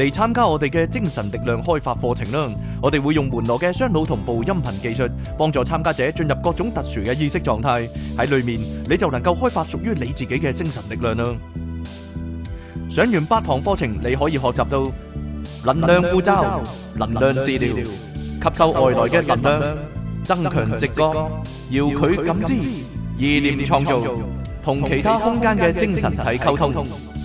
嚟參加我哋嘅精神力量開發課程啦！我哋會用門羅嘅雙腦同步音頻技術，幫助參加者進入各種特殊嘅意識狀態。喺裡面你就能夠開發屬於你自己嘅精神力量啦！上完八堂課程，你可以學習到能量護罩、能量治療、吸收外來嘅能量、增強直覺、遙距感知、意念創造、同其他空間嘅精神體溝通。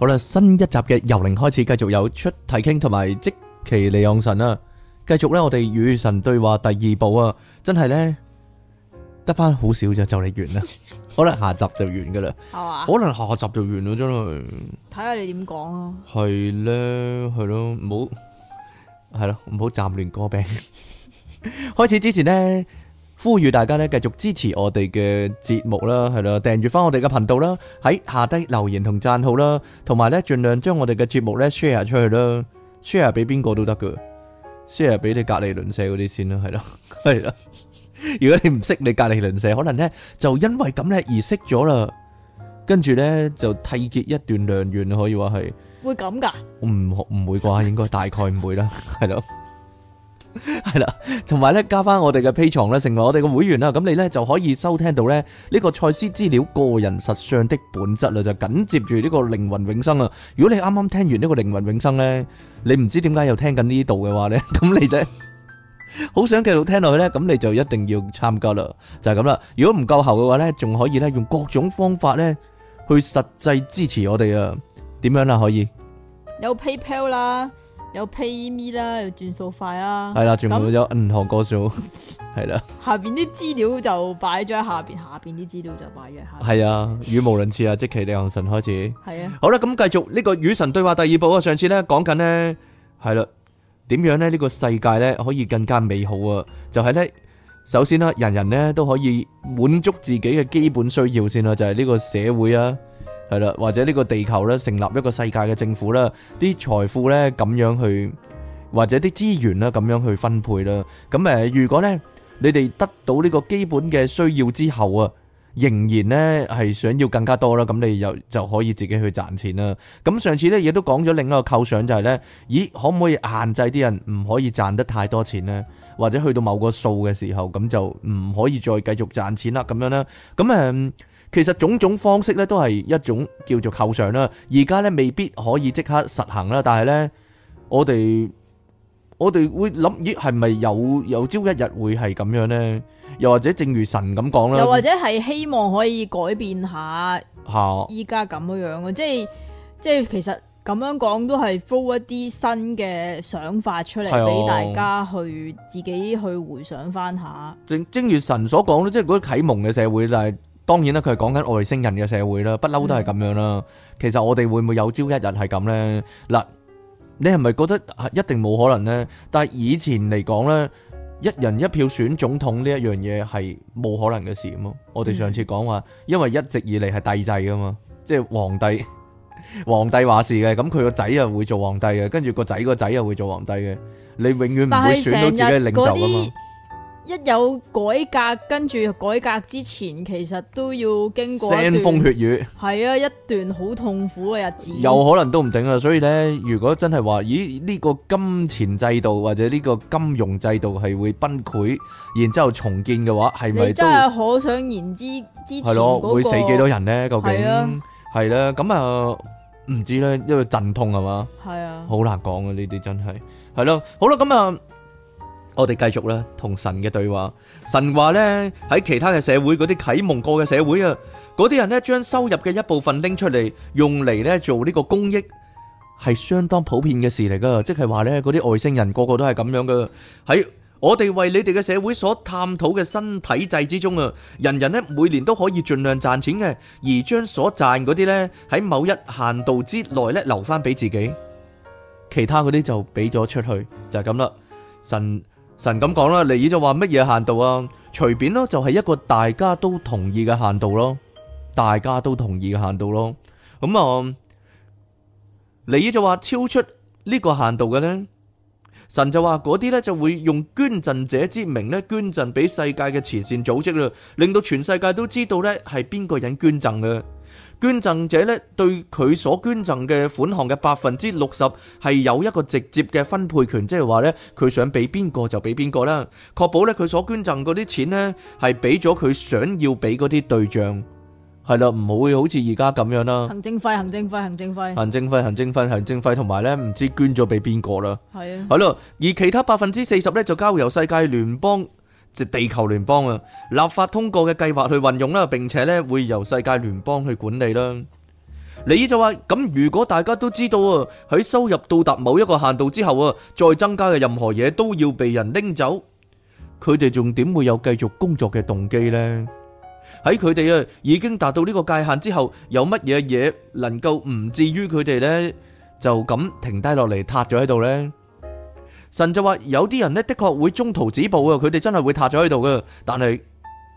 好啦，新一集嘅由零開始，繼續有出題傾同埋即其利用神啊！繼續咧，我哋與神對話第二部啊，真係咧得翻好少啫，下集就嚟完啦！ 可能下集就完噶啦，係嘛？可能下集就完咗啫，睇下你點講啊？係啦，係咯，唔好係咯，唔好斬亂歌柄。 開始之前咧。呼籲大家咧繼續支持我哋嘅節目啦，係咯，訂閱翻我哋嘅頻道啦，喺下低留言同讚好啦，同埋咧盡量將我哋嘅節目咧 share 出去啦，share 俾邊個都得噶，share 俾你隔籬鄰舍嗰啲先啦，係咯，係啦， 如果你唔識你隔籬鄰舍，可能咧就因為咁咧而識咗啦，跟住咧就締結一段良緣可以話係，會咁噶？唔唔會啩？應該大概唔會啦，係咯。係啦，同埋咧加翻我哋嘅 Patreon 咧，成為我哋嘅會員啦，咁你咧就可以收聽到咧呢個賽斯資料個人實相的本質啦，就緊接住呢個靈魂永生啦。如果你啱啱聽完呢個靈魂永生咧，你唔知點解又聽緊呢度嘅話咧，咁你咧好想繼續聽落去咧，咁你就一定要參加啦，就係咁啦。如果唔夠喉嘅話咧，仲可以咧用各種方法咧去實際支持我哋啊，點樣啦可以有 PayPal 啦。有 pay me 啦，轉數快啦，係啦，全部有銀那行個歌數，係 啦是的。下邊啲資料就擺咗喺下邊，下邊啲資料就擺咗喺下。係啊，語無倫次啊，即其李行神開始。係啊是的，好啦，咁繼續呢個與神對話第二部啊，上次咧講緊呢，係啦，點樣咧呢、這個世界咧可以更加美好啊？就係、是、咧，首先啦，人人咧都可以滿足自己嘅基本需要先啦、啊，就係、是、呢個社會啊。係啦，或者呢個地球咧，成立一個世界嘅政府啦，啲財富呢咁樣去，或者啲資源啦咁樣去分配啦。咁誒，如果呢，你哋得到呢個基本嘅需要之後啊。仍然呢，係想要更加多啦，咁你又就可以自己去賺錢啦。咁上次呢，亦都講咗另一個構想就係呢：咦可唔可以限制啲人唔可以賺得太多錢呢？或者去到某個數嘅時候，咁就唔可以再繼續賺錢啦，咁樣咧。咁誒、嗯，其實種種方式呢，都係一種叫做構想啦。而家呢，未必可以即刻實行啦，但係呢，我哋。我哋會諗咦，係咪有有朝一日會係咁樣咧？又或者正如神咁講咧？又或者係希望可以改變下，依家咁樣樣嘅，即係即係其實咁樣講都係 show 一啲新嘅想法出嚟俾大家去自己去回想翻下。正正如神所講咧，即係嗰啲啟蒙嘅社會就係當然啦，佢係講緊外星人嘅社會啦，不嬲都係咁樣啦。其實我哋會唔會有朝一日係咁咧？嗱。你係咪覺得一定冇可能呢？但係以前嚟講咧，一人一票選總統呢一樣嘢係冇可能嘅事嘛？我哋上次講話，因為一直以嚟係帝制㗎嘛，即係皇帝，皇帝話事嘅，咁佢個仔又會做皇帝嘅，跟住個仔個仔又會做皇帝嘅，你永遠唔會選到自己嘅領袖㗎嘛。一有改革，跟住改革之前，其實都要經過腥風血雨。係啊，一段好痛苦嘅日子。 有可能都唔定啊，所以咧，如果真係話，咦，呢、呢個金錢制度或者呢個金融制度係會崩潰，然之後重建嘅話，係咪真係可想言之，之前，那個啊、會死幾多人咧？究竟係啦，咁啊，唔、啊、知咧，因為陣痛係嘛，係啊，好難講啊，呢啲真係係咯，好啦，咁啊。嗯我哋繼續啦，同神嘅對話。神話呢，喺其他嘅社會嗰啲啟蒙過嘅社會啊，嗰啲人呢，將收入嘅一部分拎出嚟用嚟呢做呢個公益，係相當普遍嘅事嚟噶。即係話呢，嗰啲外星人個個都係咁樣噶。喺我哋為你哋嘅社會所探討嘅新體制之中啊，人人呢每年都可以盡量賺錢嘅，而將所賺嗰啲呢，喺某一限度之內呢留翻俾自己，其他嗰啲就俾咗出去，就係咁啦。神。神咁講啦，尼爾就話乜嘢限度啊？隨便咯，就係一個大家都同意嘅限度咯，大家都同意嘅限度咯。咁、嗯、啊，尼爾就話超出呢個限度嘅呢？神就話嗰啲呢，就會用捐贈者之名咧捐贈俾世界嘅慈善組織啦，令到全世界都知道呢係邊個人捐贈嘅。捐贈者咧對佢所捐贈嘅款項嘅百分之六十係有一個直接嘅分配權，即係話咧佢想俾邊個就俾邊個啦，確保咧佢所捐贈嗰啲錢咧係俾咗佢想要俾嗰啲對象，係啦，唔會好似而家咁樣啦。行政費、行政費、行政費、行政費、行政費、行政費同埋咧唔知捐咗俾邊個啦。係啊，係咯，而其他百分之四十咧就交由世界聯邦，即地球聯邦啊，立法通過嘅計劃去運用啦，並且咧會由世界聯邦去管理啦。你就話：咁如果大家都知道啊，喺收入到達某一個限度之後啊，再增加嘅任何嘢都要被人拎走，佢哋仲點會有繼續工作嘅動機咧？喺佢哋啊，已經達到呢個界限之後，有乜嘢嘢能夠唔至於佢哋咧就咁停低落嚟塌咗喺度咧？神就話有啲人呢，的確會中途止步啊，佢哋真係會塌咗喺度噶。但係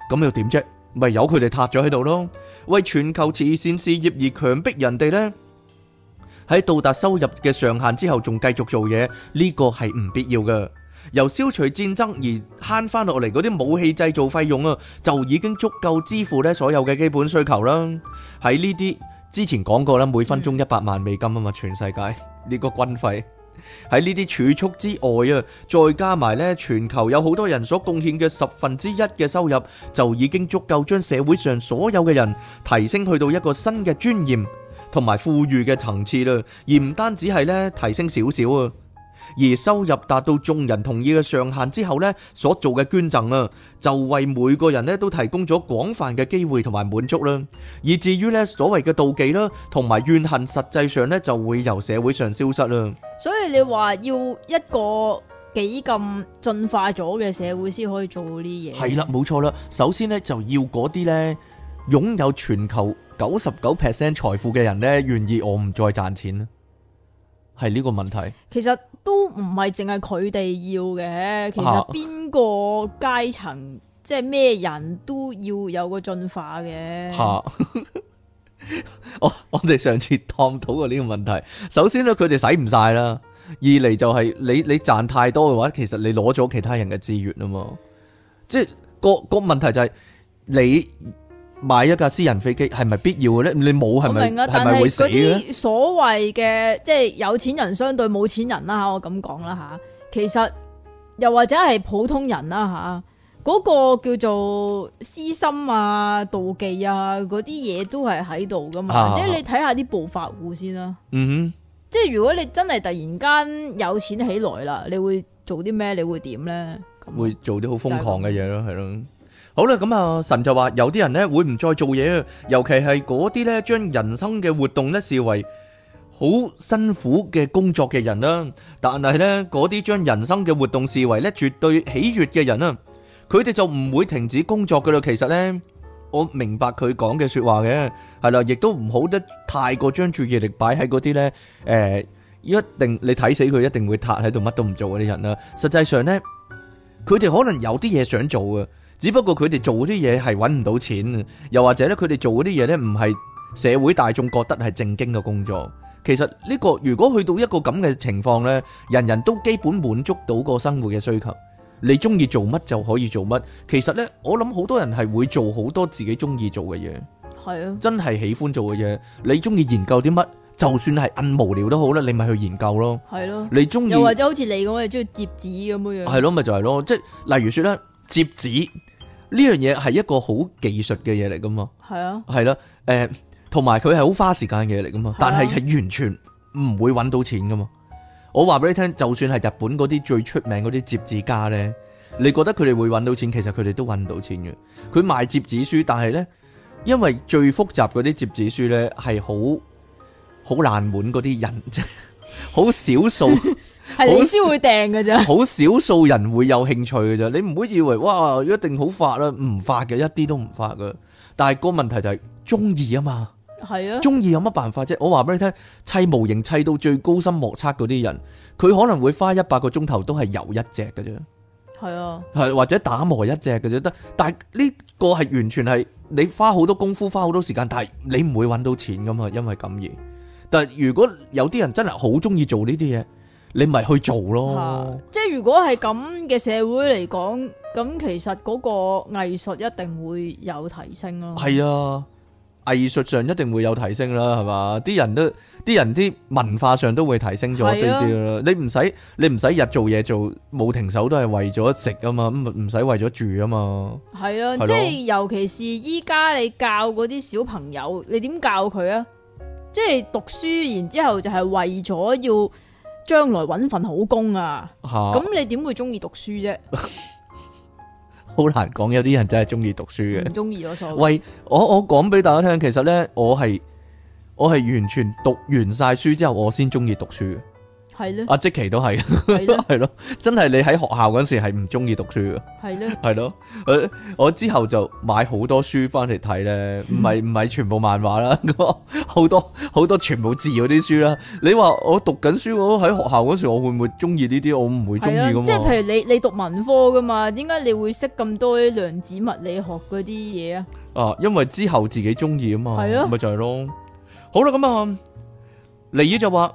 咁又點啫？咪由佢哋塌咗喺度咯。為全球慈善事業而強迫人哋呢，喺到達收入嘅上限之後，仲繼續做嘢呢個係唔必要嘅。由消除戰爭而慳翻落嚟嗰啲武器製造費用啊，就已經足夠支付呢所有嘅基本需求啦。喺呢啲之前講過啦，每分鐘一百萬美金啊嘛，全世界呢個軍費。喺呢啲儲蓄之外啊，再加埋咧，全球有好多人所貢獻嘅十分之一嘅收入，就已經足夠將社會上所有嘅人提升去到一個新嘅尊嚴同埋富裕嘅層次啦，而唔單止係咧提升少少啊。而收入達到眾人同意嘅上限之後咧，所做嘅捐贈啦，就為每個人咧都提供咗廣泛嘅機會同埋滿足啦。以至於咧所謂嘅妒忌啦，同埋怨恨，實際上咧就會由社會上消失啦。所以你話要一個幾咁進化咗嘅社會先可以做呢啲嘢，係啦，冇錯啦。首先咧就要嗰啲咧擁有全球九十九 percent 財富嘅人咧，願意我唔再賺錢，係呢個問題。其實。都唔係淨係佢哋要嘅，其實邊個階層即係咩人都要有個進化嘅。吓、啊， 我我哋上次探討過呢個問題。首先咧，佢哋使唔晒啦；二嚟就係你你賺太多嘅話，其實你攞咗其他人嘅資源啊嘛。即係個、嗰個問題就係、係、你。買一架私人飛機係咪必要嘅咧？你冇係咪？明啊，但係啲所謂嘅即係有錢人相對冇錢人啦，我咁講啦吓。其實又或者係普通人啦吓，嗰、嗰個叫做私心啊、妒忌啊嗰啲嘢都係喺度噶嘛。啊、即係你睇下啲暴發戶先啦。嗯哼。即係如果你真係突然間有錢起來啦，你會做啲咩？你會點咧？就係、會做啲好瘋狂嘅嘢咯，係咯。好啦，咁啊，神就話有啲人呢會唔再做嘢，尤其係嗰啲呢將人生嘅活動呢視為好辛苦嘅工作嘅人啦。但係呢嗰啲將人生嘅活動視為呢絕對喜悦嘅人啦，佢哋就唔會停止工作噶啦。其實呢，我明白佢講嘅說話嘅係啦，亦都唔好得太過將注意力擺喺嗰啲呢誒，一定你睇死佢一定會塌喺度，乜都唔做嗰啲人啦。實際上呢，佢哋可能有啲嘢想做啊。只不過佢哋做嗰啲嘢係揾唔到錢，又或者咧，佢哋做嗰啲嘢咧唔係社會大眾覺得係正經嘅工作。其實呢、呢個如果去到一個咁嘅情況呢，人人都基本滿足到個生活嘅需求，你中意做乜就可以做乜。其實呢，我諗好多人係會做好多自己中意做嘅嘢，係啊，真係喜歡做嘅嘢，啊。你中意研究啲乜，就算係咁無聊都好啦，你咪去研究咯。係咯，啊，你中意或者好似你咁，又中意摺紙咁樣，啊就是、樣。係咯，咪就係咯，即係例如說咧，摺紙。呢樣嘢係一個好技術嘅嘢嚟噶嘛？係啊，係咯，誒、呃，同埋佢係好花時間嘅嘢嚟噶嘛。啊、但係係完全唔會揾到錢噶嘛。我話俾你聽，就算係日本嗰啲最出名嗰啲摺紙家呢，你覺得佢哋會揾到錢，其實佢哋都揾唔到錢嘅。佢賣摺紙書，但係呢，因為最複雜嗰啲摺紙書呢，係好好難滿嗰啲人，好 少數。 係老師會訂嘅啫，好 少數人會有興趣嘅啫。你唔會以為哇，一定好發啦，唔發嘅一啲都唔發嘅。但係個問題就係中意啊嘛，係是啊，中意有乜辦法啫？我話俾你聽，砌模型砌到最高深莫測嗰啲人，佢可能會花一百個鐘頭都係油一隻嘅啫，係是啊，係或者打磨一隻嘅啫，得。但係呢個係完全係你花好多功夫，花好多時間，但係你唔會揾到錢噶嘛，因為咁而。但係如果有啲人真係好中意做呢啲嘢。你咪去做咯！即係如果係咁嘅社會嚟講，咁其實嗰個藝術一定會有提升咯。係啊，藝術上一定會有提升啦，係嘛？啲人都，啲人啲文化上都會提升咗啲啲啦。你唔使，你唔使日做嘢做，冇停手都係為咗食啊嘛，咁唔唔使為咗住啊嘛。係啊，即係尤其是依家你教嗰啲小朋友，你點教佢啊？即係讀書，然之後就係為咗要。將來搵份好工啊！咁哈你點會中意讀書啫？好 難講，有啲人真係中意讀書嘅，中意咯。喂，我我講俾大家聽，其實呢，我係我係完全讀完晒書之後，我先中意讀書。係咯，阿積奇都係，係咯，真係你喺學校嗰時係唔中意讀書嘅，係咯的，係咯，誒，我之後就買好多書翻嚟睇咧，唔係唔係全部漫畫啦，好、嗯、多好多全部字嗰啲書啦。你話我讀緊書，我喺學校嗰時我會唔會中意呢啲？我唔會中意咁嘛。即係譬如你你讀文科噶嘛，點解你會識咁多啲量子物理學嗰啲嘢啊？啊，因為之後自己中意啊嘛，係咯的，咪就係咯。好啦，咁啊，尼爾就話。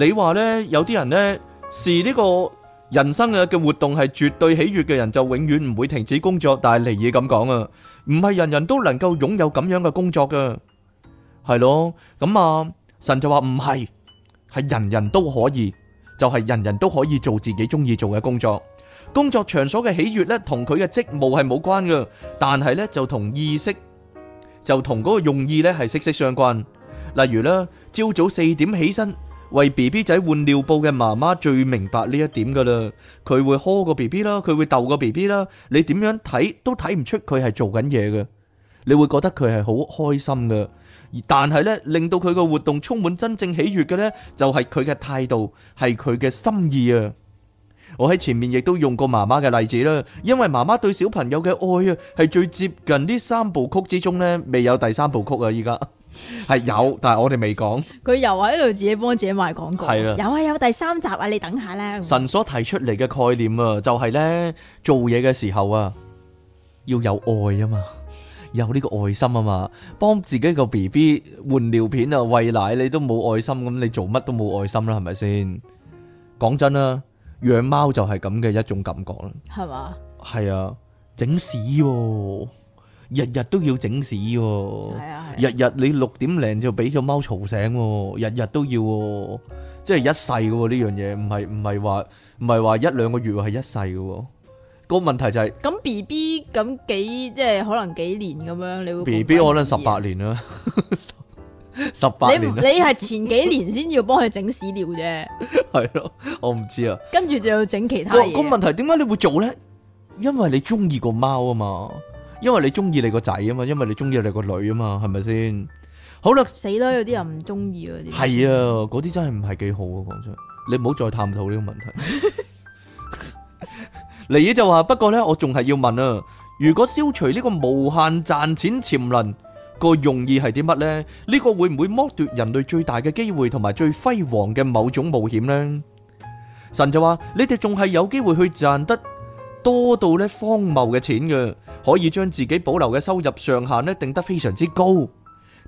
你話呢，有啲人呢，是呢個人生嘅嘅活動係絕對喜悦嘅人，就永遠唔會停止工作。但係尼爾咁講啊，唔係人人都能夠擁有咁樣嘅工作嘅，係咯？咁啊，神就話唔係，係人人都可以，就係人人都可以做自己中意做嘅工作。工作場所嘅喜悦呢，同佢嘅職務係冇關嘅，但係呢就同意識，就同嗰個用意呢係息息相關。例如呢，朝早四點起身。為 B B 仔換尿布嘅媽媽最明白呢一點噶啦，佢會呵個 B B 啦，佢會逗個 B B 啦，你點樣睇都睇唔出佢係做緊嘢嘅，你會覺得佢係好開心噶，而但係呢，令到佢個活動充滿真正喜悦嘅呢，就係佢嘅態度，係佢嘅心意啊！我喺前面亦都用過媽媽嘅例子啦，因為媽媽對小朋友嘅愛啊，係最接近呢三部曲之中呢，未有第三部曲啊，依家。係有，但係我哋未講。佢又喺度自己幫自己賣廣告。係啊的，有啊，有第三集啊，你等下啦。神所提出嚟嘅概念啊，就係，就係咧做嘢嘅時候啊，要有愛啊嘛，有呢個愛心啊嘛。幫自己個 B B 換尿片啊，餵奶，你都冇愛心，咁你做乜都冇愛心啦，係咪先？講真啊，養貓就係咁嘅一種感覺啦，係嘛吧？係啊，整屎喎，哦。日日都要整屎喎，日日你六點零就俾隻貓嘈醒喎，日日都要，即係一世噶喎呢樣嘢，唔係唔係話唔係話一兩個月係一世噶，個問題就係咁 B B 咁幾即係可能幾年咁樣，你會 B B 可能十八年啦，十八年你你係前幾年先要幫佢整屎尿啫，係咯，我唔知啊，跟住就要整其他嘢，個問題點解你會做咧？因為你中意個貓啊嘛。因為你中意你個仔啊嘛，因為你中意你個女啊嘛，係咪先？好啦，死啦！有啲人唔中意嗰啲，係啊，嗰啲真係唔係幾好啊！講真，你唔好再探討呢個問題。黎姐就話：，不過咧，我仲係要問啊，如果消除呢個無限賺錢潛能個用意係啲乜咧？呢個會唔會剝奪人類最大嘅機會同埋最輝煌嘅某種冒險咧？神就話：，你哋仲係有機會去賺得。多到呢荒謬嘅錢嘅，可以將自己保留嘅收入上限呢定得非常之高，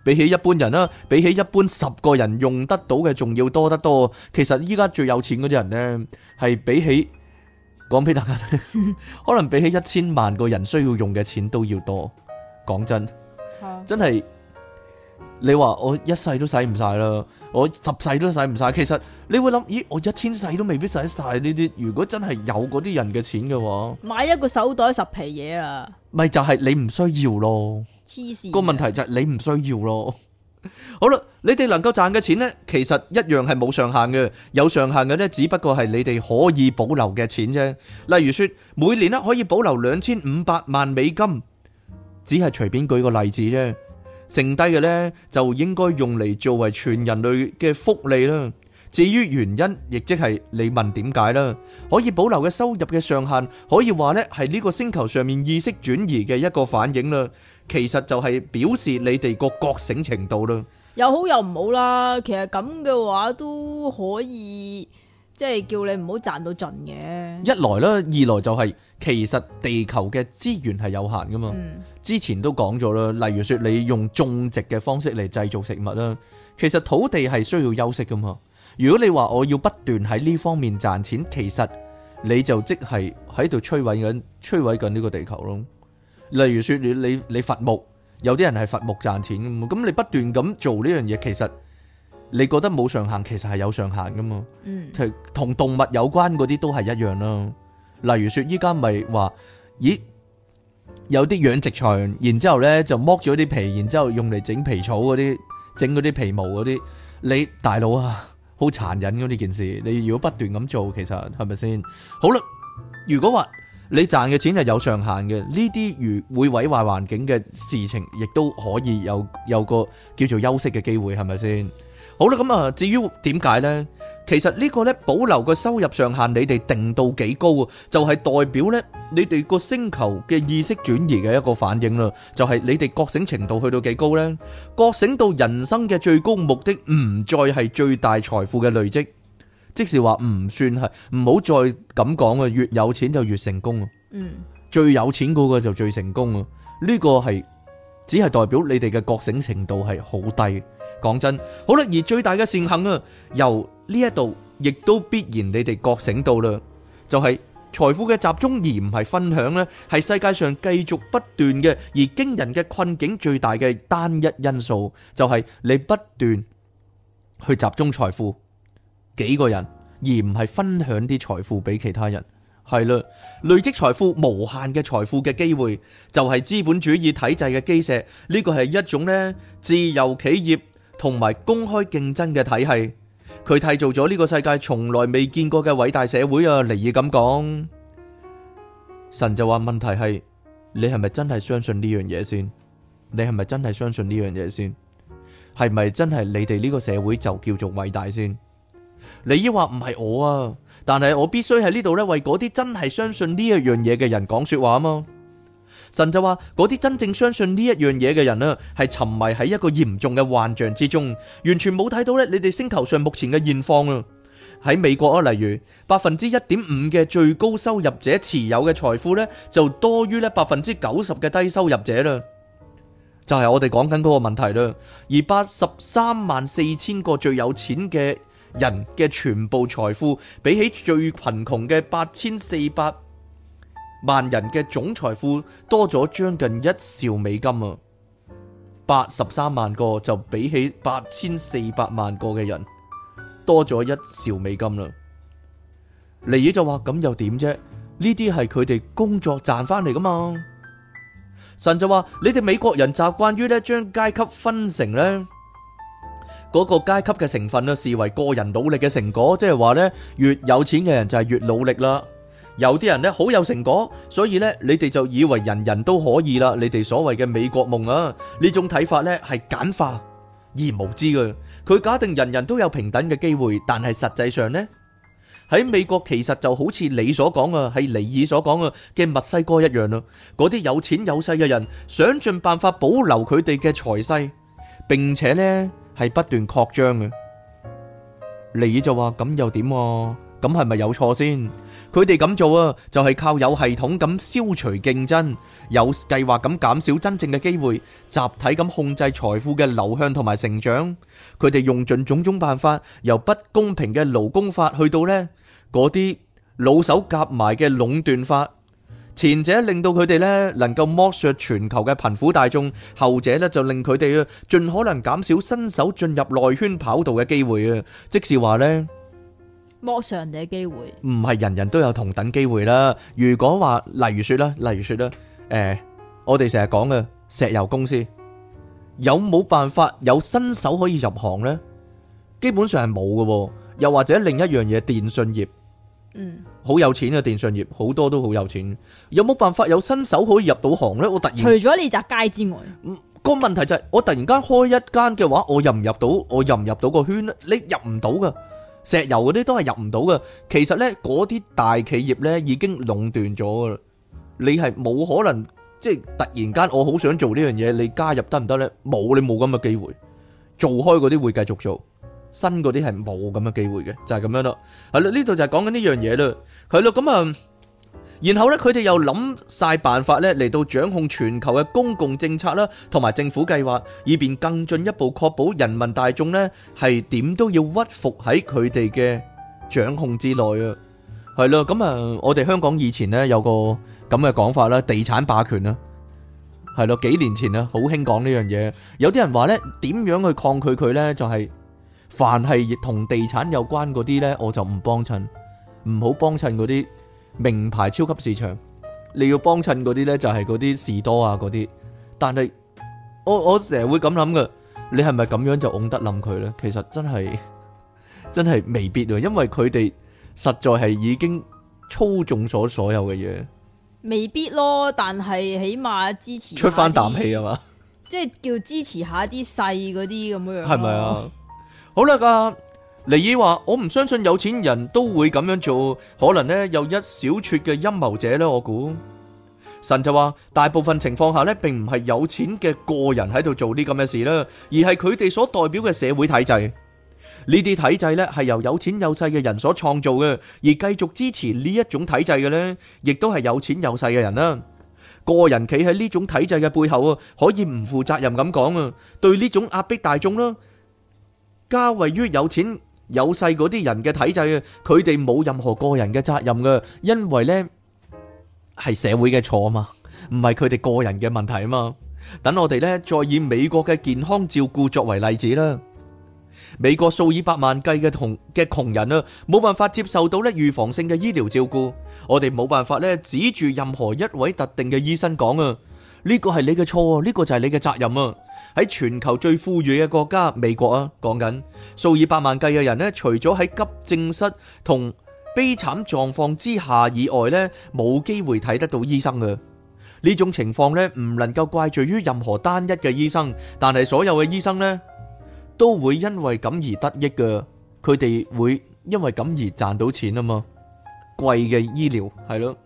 比起一般人啦、啊，比起一般十個人用得到嘅，仲要多得多。其實依家最有錢嗰啲人呢，係比起講俾大家聽，可能比起一千萬個人需要用嘅錢都要多。講真， 真係。你話我一世都使唔晒啦，我十世都使唔晒。其實你會諗，咦？我一千世都未必使晒呢啲。如果真係有嗰啲人嘅錢嘅話，買一個手袋十皮嘢啦。咪就係你唔需要咯。黐線！個問題就係你唔需要咯。 好啦，你哋能夠賺嘅錢呢，其實一樣係冇上限嘅。有上限嘅呢，只不過係你哋可以保留嘅錢啫。例如說，每年呢可以保留兩千五百萬美金，只係隨便舉個例子啫。剩低嘅呢就應該用嚟作為全人類嘅福利啦。至於原因，亦即係你問點解啦，可以保留嘅收入嘅上限，可以話呢係呢個星球上面意識轉移嘅一個反應啦。其實就係表示你哋個覺醒程度啦。有好有唔好啦，其實咁嘅話都可以。即係叫你唔好賺到盡嘅，一來啦，二來就係、是、其實地球嘅資源係有限噶嘛。嗯、之前都講咗啦，例如說你用種植嘅方式嚟製造食物啦，其實土地係需要休息噶嘛。如果你話我要不斷喺呢方面賺錢，其實你就即係喺度摧毀緊、摧毀緊呢個地球咯。例如說你你你伐木，有啲人係伐木賺錢咁，咁你不斷咁做呢樣嘢，其實。你覺得冇上限，其實係有上限㗎嘛？嗯，同同動物有關嗰啲都係一樣啦。例如說，依家咪話，咦有啲養殖場，然之後咧就剝咗啲皮，然之後用嚟整皮草嗰啲，整嗰啲皮毛嗰啲，你大佬啊，好殘忍㗎呢件事。你如果不斷咁做，其實係咪先？好啦，如果話你賺嘅錢係有上限嘅，呢啲如會毀壞環境嘅事情，亦都可以有有個叫做休息嘅機會，係咪先？好啦，咁啊，至於點解呢？其實呢個呢，保留個收入上限，你哋定到幾高啊？就係代表呢，你哋個星球嘅意識轉移嘅一個反應啦。就係你哋覺醒程度去到幾高呢？覺醒到人生嘅最高目的唔再係最大財富嘅累積，即是話唔算係，唔好再咁講啊！越有錢就越成功啊！嗯，最有錢嗰個就最成功啊！呢個係。只係代表你哋嘅覺醒程度係好低，講真，好啦，而最大嘅善行啊，由呢一度亦都必然你哋覺醒到啦，就係財富嘅集中而唔係分享呢，係世界上繼續不斷嘅而驚人嘅困境最大嘅單一因素，就係你不斷去集中財富幾個人，而唔係分享啲財富俾其他人。係嘞，累積財富無限嘅財富嘅機會，就係資本主義體制嘅基石。呢個係一種呢自由企業同埋公開競爭嘅體系，佢締造咗呢個世界從來未見過嘅偉大社會啊！尼爾咁講，神就話：問題係你係咪真係相信呢樣嘢先？你係咪真係相信呢樣嘢先？係咪真係你哋呢個社會就叫做偉大先？你依話唔係我啊，但係我必須喺呢度咧，為嗰啲真係相信呢一樣嘢嘅人講說話嘛。神就話，嗰啲真正相信呢一樣嘢嘅人咧、啊，係沉迷喺一個嚴重嘅幻象之中，完全冇睇到咧，你哋星球上目前嘅現況啊。喺美國啊，例如百分之一點五嘅最高收入者持有嘅財富呢，就多於呢百分之九十嘅低收入者啦。就係我哋講緊嗰個問題啦。而八十三萬四千個最有錢嘅。人嘅全部財富比起最貧窮嘅八千四百萬人嘅總財富多咗將近一兆美金啊，八十三萬個就比起八千四百萬個嘅人，人多咗一兆美金啦。尼爾就話咁又點啫？呢啲係佢哋工作賺翻嚟噶嘛？神就話，你哋美國人習慣於咧將階級分成呢。」嗰個階級嘅成分啦，視為個人努力嘅成果，即係話咧，越有錢嘅人就係越努力啦。有啲人咧好有成果，所以咧你哋就以為人人都可以啦。你哋所謂嘅美國夢啊，呢種睇法咧係簡化而無知嘅。佢假定人人都有平等嘅機會，但係實際上咧喺美國其實就好似你所講啊，係尼爾所講啊嘅墨西哥一樣啦。嗰啲有錢有勢嘅人想盡辦法保留佢哋嘅財勢，並且咧。係不斷擴張嘅，你就話咁又點？咁係咪有錯先？佢哋咁做啊，就係靠有系統咁消除競爭，有計劃咁減少真正嘅機會，集體咁控制財富嘅流向同埋成長。佢哋用盡種種辦法，由不公平嘅勞工法去到呢嗰啲老手夾埋嘅壟斷法。前者令到佢哋咧能夠剝削全球嘅貧苦大眾，後者咧就令佢哋盡可能減少新手進入內圈跑道嘅機會啊！即是話咧剝削人哋嘅機會，唔係人人都有同等機會啦。如果話例如說啦，例如說啦，誒、欸，我哋成日講嘅石油公司有冇辦法有新手可以入行呢？基本上係冇嘅，又或者另一樣嘢，電信業，嗯。好有錢嘅電信業，好多都好有錢。有冇辦法有新手可以入到行呢？我突然除咗你扎街之外，個問題就係、是、我突然間開一間嘅話，我入唔入到？我入唔入到個圈咧？你入唔到噶，石油嗰啲都係入唔到噶。其實呢，嗰啲大企業呢已經壟斷咗噶啦。你係冇可能即係突然間，我好想做呢樣嘢，你加入得唔得呢？冇，你冇咁嘅機會。做開嗰啲會繼續做。新嗰啲係冇咁嘅機會嘅，就係咁樣咯。係咯，呢度就係講緊呢樣嘢咯。係咯，咁啊，然後呢，佢哋又諗晒辦法呢，嚟到掌控全球嘅公共政策啦，同埋政府計劃，以便更進一步確保人民大眾呢係點都要屈服喺佢哋嘅掌控之內啊。係咯，咁啊，我哋香港以前呢有個咁嘅講法啦，地產霸權啦。係咯，幾年前啊，好興講呢樣嘢。有啲人話呢，點樣去抗拒佢呢？就係。凡係同地產有關嗰啲呢，我就唔幫襯，唔好幫襯嗰啲名牌超級市場。你要幫襯嗰啲呢，就係嗰啲士多啊，嗰啲。但係我我成日會咁諗噶，你係咪咁樣就嗡得冧佢呢？其實真係真係未必啊，因為佢哋實在係已經操縱咗所有嘅嘢。未必咯，但係起碼支持出翻啖氣啊嘛，即係叫支持下啲細嗰啲咁樣樣。係咪 啊？好啦，噶，尼爾話，我唔相信有錢人都會咁樣做，可能呢，有一小撮嘅陰謀者咧，我估神就話，大部分情況下呢，並唔係有錢嘅個人喺度做呢咁嘅事啦，而係佢哋所代表嘅社會體制。呢啲體制呢，係由有錢有勢嘅人所創造嘅，而繼續支持呢一種體制嘅呢，亦都係有錢有勢嘅人啦。個人企喺呢種體制嘅背後啊，可以唔負責任咁講啊，對呢種壓迫大眾啦。家位於有錢有勢嗰啲人嘅體制啊，佢哋冇任何個人嘅責任噶，因為咧係社會嘅錯啊嘛，唔係佢哋個人嘅問題啊嘛。等我哋咧再以美國嘅健康照顧作為例子啦。美國數以百萬計嘅窮嘅窮人啊，冇辦法接受到咧預防性嘅醫療照顧，我哋冇辦法咧指住任何一位特定嘅醫生講啊。呢個係你嘅錯，呢個就係你嘅責任啊！喺全球最富裕嘅國家美國啊，講緊數以百萬計嘅人咧，除咗喺急症室同悲慘狀況之下以外咧，冇機會睇得到醫生嘅呢種情況咧，唔能夠怪罪於任何單一嘅醫生，但係所有嘅醫生咧都會因為咁而得益嘅，佢哋會因為咁而賺到錢啊嘛，貴嘅醫療係咯。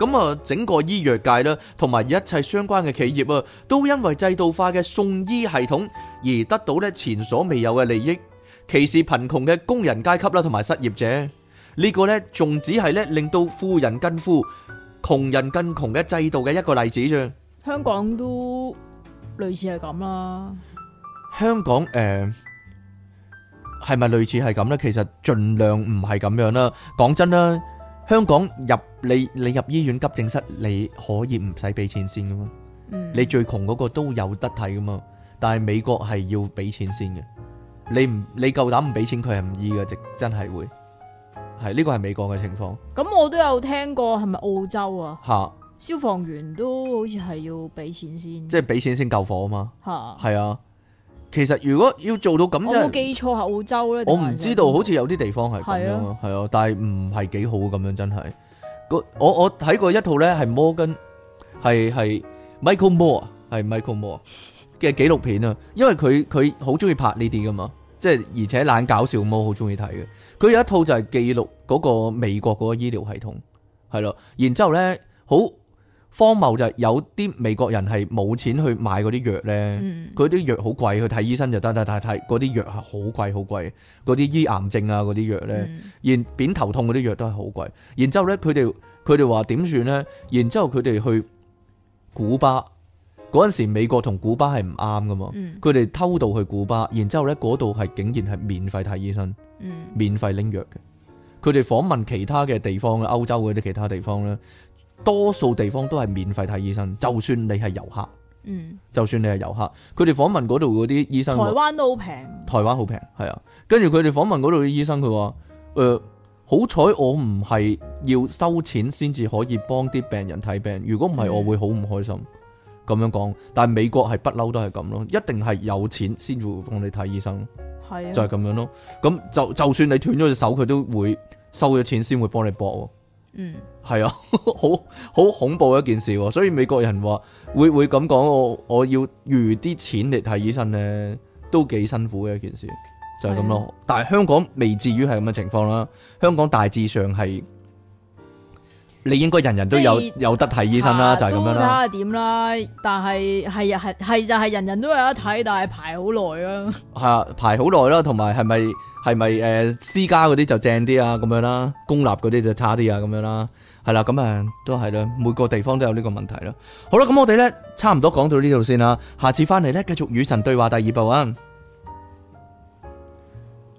咁啊，整個醫藥界啦，同埋一切相關嘅企業啊，都因為制度化嘅送醫系統而得到咧前所未有嘅利益，歧視貧窮嘅工人階級啦，同埋失業者，呢個呢仲只係咧令到富人更富、窮人更窮嘅制度嘅一個例子啫。香港都類似係咁啦。香港誒，係咪類似係咁呢？其實盡量唔係咁樣啦。講真啦。香港入你你入醫院急症室，你可以唔使俾錢先噶嘛。嗯、你最窮嗰個都有得睇噶嘛。但係美國係要俾錢先嘅，你唔你夠膽唔俾錢佢係唔醫嘅，真真係會，係，呢個係美國嘅情況。咁我都有聽過，係咪澳洲啊？嚇、啊！消防員都好似係要俾錢先，即係俾錢先救火啊嘛。嚇！係啊。其實如果要做到咁，我冇記錯係澳洲咧。我唔知道，好似有啲地方係咁樣，係啊。但係唔係幾好咁樣，真係。我我睇過一套咧，係摩根，係，係 Michael Moore 啊，係 Michael Moore 嘅紀錄片啊。因為佢佢好中意拍呢啲噶嘛，即係而且懶搞笑，我好中意睇嘅。佢有一套就係記錄嗰個美國嗰個醫療系統，係咯，啊。然之後咧好。荒謬就有啲美國人係冇錢去買嗰啲藥咧，佢啲、嗯、藥好貴，去睇醫生就得，得係睇嗰啲藥係好貴好貴，嗰啲醫癌症啊嗰啲藥咧，嗯、然偏頭痛嗰啲藥都係好貴。然之後咧，佢哋佢哋話點算咧？然之後佢哋去古巴嗰陣時，美國同古巴係唔啱噶嘛？佢哋、嗯、偷渡去古巴，然之後咧嗰度係竟然係免費睇醫生，嗯、免費拎藥嘅。佢哋訪問其他嘅地方嘅歐洲嗰啲其他地方咧。多數地方都係免費睇醫生，就算你係遊客，嗯，就算你係遊客，佢哋訪問嗰度嗰啲醫生，台灣都好平，台灣好平，係啊，跟住佢哋訪問嗰度啲醫生，佢話，誒，好彩我唔係要收錢先至可以幫啲病人睇病，如果唔係，我會好唔開心，咁樣講。但係美國係不嬲都係咁咯，一定係有錢先至會幫你睇醫生，係，就係咁樣咯。咁就就算你斷咗隻手，佢都會收咗錢先會幫你駁。嗯，係啊， 好好恐怖嘅一件事，啊，所以美國人話會會咁講，我我要預啲錢嚟睇醫生咧，都幾辛苦嘅一件事，就係咁咯。嗯、但係香港未至於係咁嘅情況啦，香港大致上係。你應該人人都有是有得睇醫生啦，就係、是、咁樣啦。都睇下點啦，但係係係係就係人人都有得睇，但係排好耐啊。係啊，排好耐啦，同埋係咪，係咪誒私家嗰啲就正啲啊，咁樣啦，公立嗰啲就差啲啊，咁樣啦、啊，係啦、啊，咁、嗯、啊都係啦，每個地方都有呢個問題啦。好啦，咁我哋咧差唔多講到呢度先啦，下次翻嚟咧繼續與神對話第二部啊。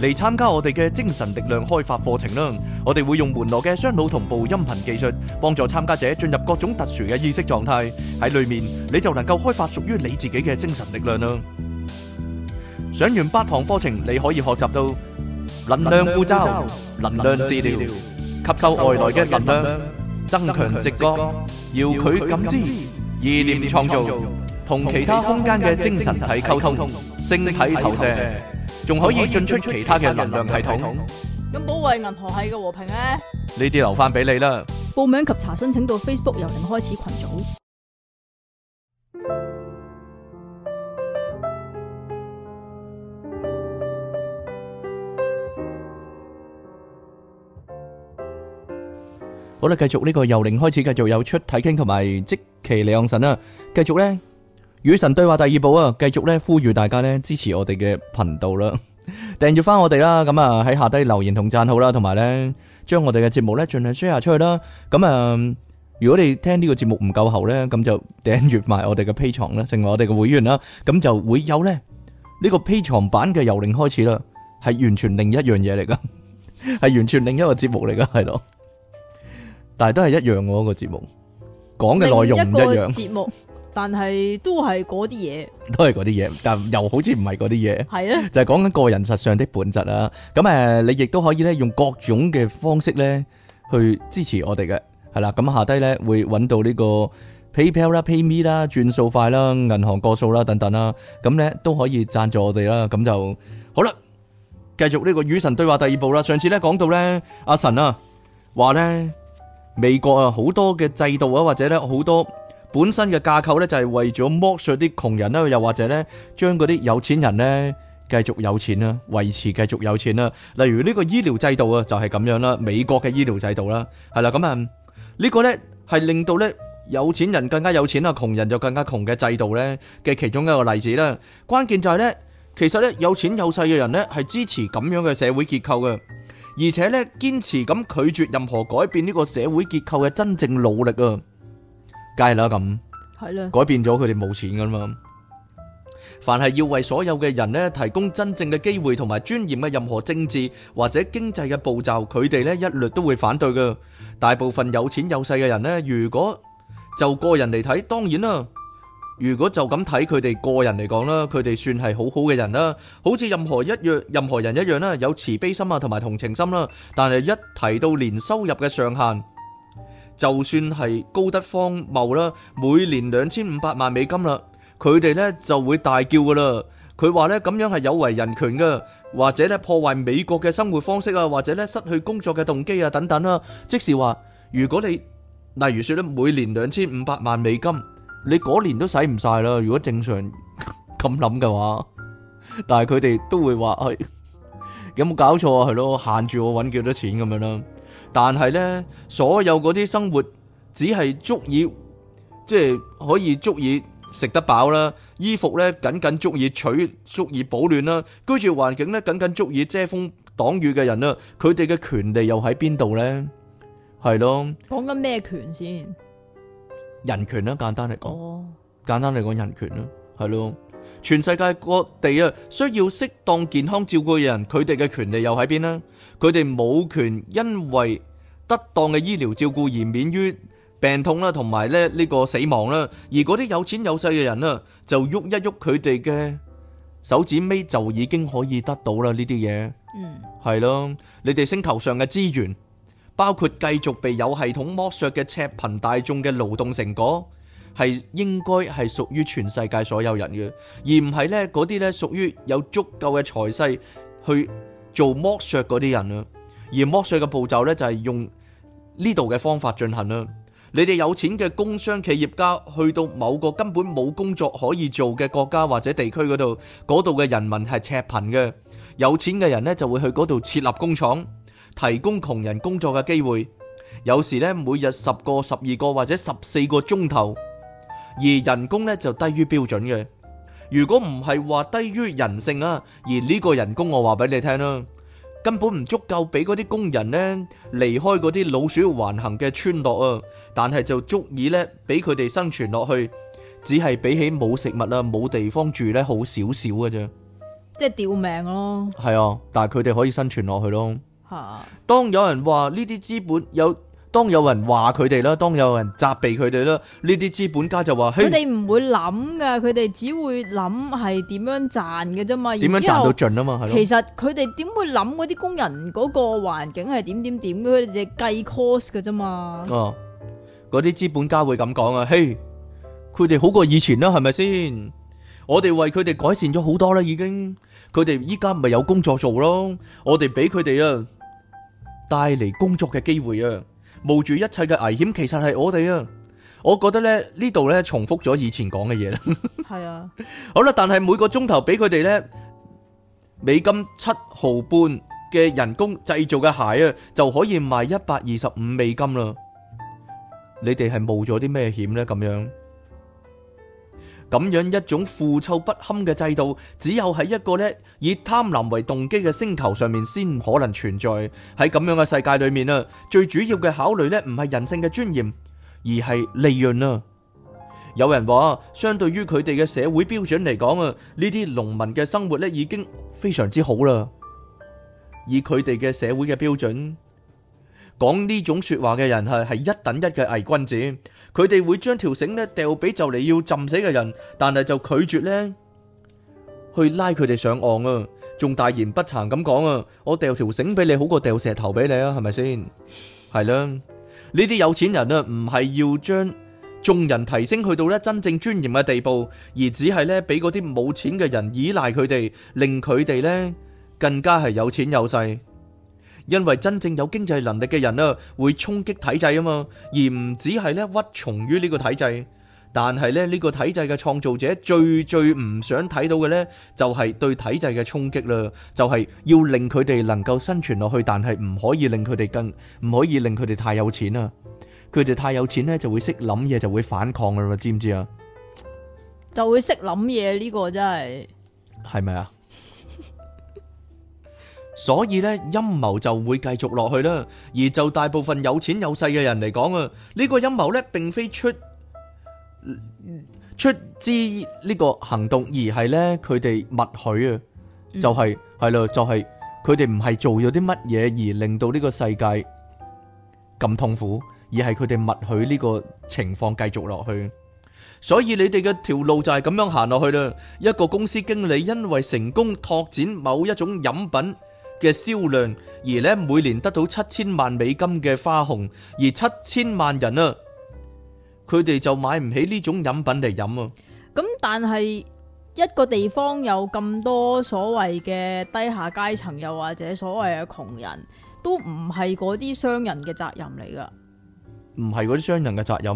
嚟參加我哋嘅精神力量開發課程啦！我哋會用門羅嘅雙腦同步音頻技術，幫助參加者進入各種特殊嘅意識狀態。喺裏面你就能夠開發屬於你自己嘅精神力量啦！上完八堂課程，你可以學習到能量聚焦、能量治療、吸收外來嘅能量、增強直覺、遙距感知、意念創造、同其他空間嘅精神體溝通、星體投射。仲可以進出其他嘅能量系統。咁保衛銀河系嘅和平咧？呢啲留翻俾你啦。報名及查詢請到 Facebook 由零開始群組。好啦，繼續呢個由零開始，繼續有出體經同埋積其良神啊！繼續咧。與神對話第二部啊，繼續咧呼籲大家咧支持我哋嘅頻道啦， 訂閱翻我哋啦，咁啊喺下低留言同讚好啦，同埋咧將我哋嘅節目咧盡量 share 出去啦。咁、嗯、啊，如果你聽呢個節目唔夠喉咧，咁就訂閱埋我哋嘅 Patreon 啦，成為我哋嘅會員啦，咁就會有咧呢、呢個 Patreon 版嘅由零開始啦，係完全另一樣嘢嚟噶，係 完全另一個節目嚟噶，係咯，但係都係一樣嗰、嗰個節目，講嘅內容唔一樣。 但係都係嗰啲嘢，都係嗰啲嘢，但又好似唔係嗰啲嘢。係 啊，就係講緊個人實上的本質啦。咁誒，你亦都可以咧用各種嘅方式咧去支持我哋嘅，係啦。咁下低咧會揾到呢個 PayPal 啦 Pay、PayMe 啦、轉數快啦、銀行過數啦等等啦。咁咧都可以贊助我哋啦。咁就好啦。繼續呢個與神對話第二部啦。上次咧講到咧，阿神啊話咧，美國啊好多嘅制度啊或者咧好多，本身嘅架構咧就係為咗剝削啲窮人啦，又或者咧將嗰啲有錢人咧繼續有錢啦，維持繼續有錢啦。例如呢個醫療制度啊，就係咁樣啦。美國嘅醫療制度啦，係啦咁啊，呢個呢，係令到呢，有錢人更加有錢啊，窮人就更加窮嘅制度呢嘅其中一個例子啦。關鍵就係呢，其實呢，有錢有勢嘅人呢，係支持咁樣嘅社會結構嘅，而且呢，堅持咁拒絕任何改變呢個社會結構嘅真正努力啊。梗係啦咁，係啦，改變咗佢哋冇錢噶啦嘛。凡係要為所有嘅人咧提供真正嘅機會同埋尊嚴嘅任何政治或者經濟嘅步驟，佢哋咧一律都會反對噶。大部分有錢有勢嘅人咧，如果就個人嚟睇，當然啦。如果就咁睇佢哋個人嚟講啦，佢哋算係好好嘅人啦。好似任何一樣任何人一樣啦，有慈悲心啊同埋同情心啦。但係一提到年收入嘅上限。就算係高德方茂啦，每年兩千五百萬美金啦，佢哋咧就會大叫噶啦。佢話咧咁樣係有違人權噶，或者咧破壞美國嘅生活方式啊，或者咧失去工作嘅動機啊等等啦。即係話，如果你例如說咧每年兩千五百萬美金，你嗰年都使唔晒啦。如果正常咁諗嘅話，但係佢哋都會話：「哎，有冇搞錯啊？係咯，限住我搵幾多錢咁樣啦。但係咧，所有嗰啲生活只係足以，即係可以足以食得飽啦，衣服咧僅僅足以取足以保暖啦，居住環境咧僅僅足以遮風擋雨嘅人啦，佢哋嘅權利又喺邊度咧？係咯，講緊咩權先？人權啦，啊，簡單嚟講，哦，簡單嚟講人權啦，係咯。全世界各地啊，需要適當健康照顧嘅人，佢哋嘅權利又喺邊呢？佢哋冇權，因為得當嘅醫療照顧而免於病痛啦，同埋咧呢個死亡啦。而嗰啲有錢有勢嘅人啊，就喐一喐佢哋嘅手指尾就已經可以得到啦呢啲嘢。嗯，係咯，你哋星球上嘅資源，包括繼續被有系統剝削嘅赤貧大眾嘅勞動成果。係應該係屬於全世界所有人嘅，而唔係呢嗰啲呢屬於有足夠嘅財勢去做剝削嗰啲人啦。而剝削嘅步驟呢，就係用呢度嘅方法進行啦。你哋有錢嘅工商企業家去到某個根本冇工作可以做嘅國家或者地區嗰度，嗰度嘅人民係赤貧嘅，有錢嘅人呢，就會去嗰度設立工廠，提供窮人工作嘅機會。有時呢，每日十個、十二個或者十四個鐘頭。而人工咧，就低於標準嘅，如果唔係話低於人性啊，而呢個人工我話俾你聽啦，根本唔足夠俾嗰啲工人呢離開嗰啲老鼠環行嘅村落啊，但係就足以呢，俾佢哋生存落去，只係比起冇食物啊、冇地方住呢，好少少嘅啫，即係吊命咯。係啊，但係佢哋可以生存落去咯。吓哈，當有人話呢啲資本有。當有人話佢哋啦，當有人責備佢哋啦，呢啲資本家就話：佢哋唔會諗噶，佢哋只會諗係點樣賺嘅啫嘛。點樣賺到盡啊嘛？係咪？其實佢哋點會諗嗰啲工人嗰個環境係點點點嘅？佢哋只計 cost 噶啫嘛。哦，嗰啲資本家會咁講啊，嘿，佢哋好過以前啦，係咪先？我哋為佢哋改善咗好多啦，已經。佢哋依家咪有工作做咯，我哋俾佢哋啊帶嚟工作嘅機會啊！冒住一切嘅危險，其實係我哋啊，我覺得咧呢度咧重複咗以前講嘅嘢啦。係啊，好啦，但係每個鐘頭俾佢哋咧美金七毫半嘅人工製造嘅鞋啊，就可以賣一百二十五美金啦。你哋係冒咗啲咩險咧？咁樣？咁樣一種腐臭不堪嘅制度，只有喺一個咧以貪婪為動機嘅星球上面先可能存在。喺咁樣嘅世界裏面啊，最主要嘅考慮咧唔係人性嘅尊嚴，而係利潤啦。有人話，相對於佢哋嘅社會標準嚟講啊，呢啲農民嘅生活咧已經非常之好啦。以佢哋嘅社會嘅標準。講呢種說話嘅人係係一等一嘅偽君子，佢哋會將條繩咧掉俾就嚟要浸死嘅人，但係就拒絕呢去拉佢哋上岸啊！仲大言不慚咁講啊！我掉條繩俾你好過掉石頭俾你啊，係咪先？係啦，呢啲有錢人啊，唔係要將眾人提升去到咧真正尊嚴嘅地步，而只係咧俾嗰啲冇錢嘅人依賴佢哋，令佢哋呢更加係有錢有勢。因為真正有經濟能力嘅人啊，會衝擊體制啊嘛，而唔只係咧屈從於呢個體制。但係咧呢個體制嘅創造者最最唔想睇到嘅，呢，就係對體制嘅衝擊啦，就係要令佢哋能夠生存落去，但係唔可以令佢哋更，唔可以令佢哋太有錢啊。佢哋太有錢呢，就會識諗嘢，就會反抗噶啦，知唔知啊？就會識諗嘢，呢個真係係咪啊？是所以咧，陰謀就會繼續落去啦。而就大部分有錢有勢嘅人嚟講啊，呢個陰謀咧，並非出出資呢個行動，而係咧佢哋默許啊。就係係咯，就係佢哋唔係做咗啲乜嘢而令到呢個世界咁痛苦，而係佢哋默許呢個情況繼續落去。所以你哋嘅條路就係咁樣行落去啦。一個公司經理因為成功拓展某一種飲品嘅銷量，而呢每年得到七千萬美金嘅花紅，而七千萬人啊，佢哋就買唔起呢種飲品嚟飲啊！咁但係一個地方有咁多所謂嘅低下階層，又或者所謂嘅窮人都唔係嗰啲商人嘅責任嚟噶，唔係嗰啲商人嘅責任。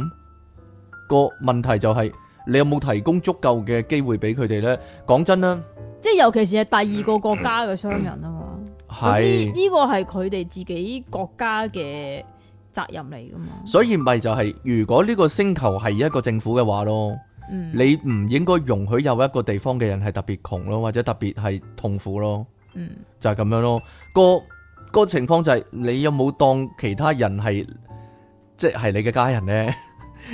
個問題就係你有冇提供足夠嘅機會俾佢哋呢？講真啦，即係尤其是係第二個國家嘅商人啊嘛。係呢個係佢哋自己國家嘅責任嚟噶嘛。所以咪就係、是、如果呢個星球係一個政府嘅話咯，嗯，你唔應該容許有一個地方嘅人係特別窮咯，或者特別係痛苦咯，嗯，就係咁樣咯。個、那個情況就係、是、你有冇當其他人係即係你嘅家人呢？嗯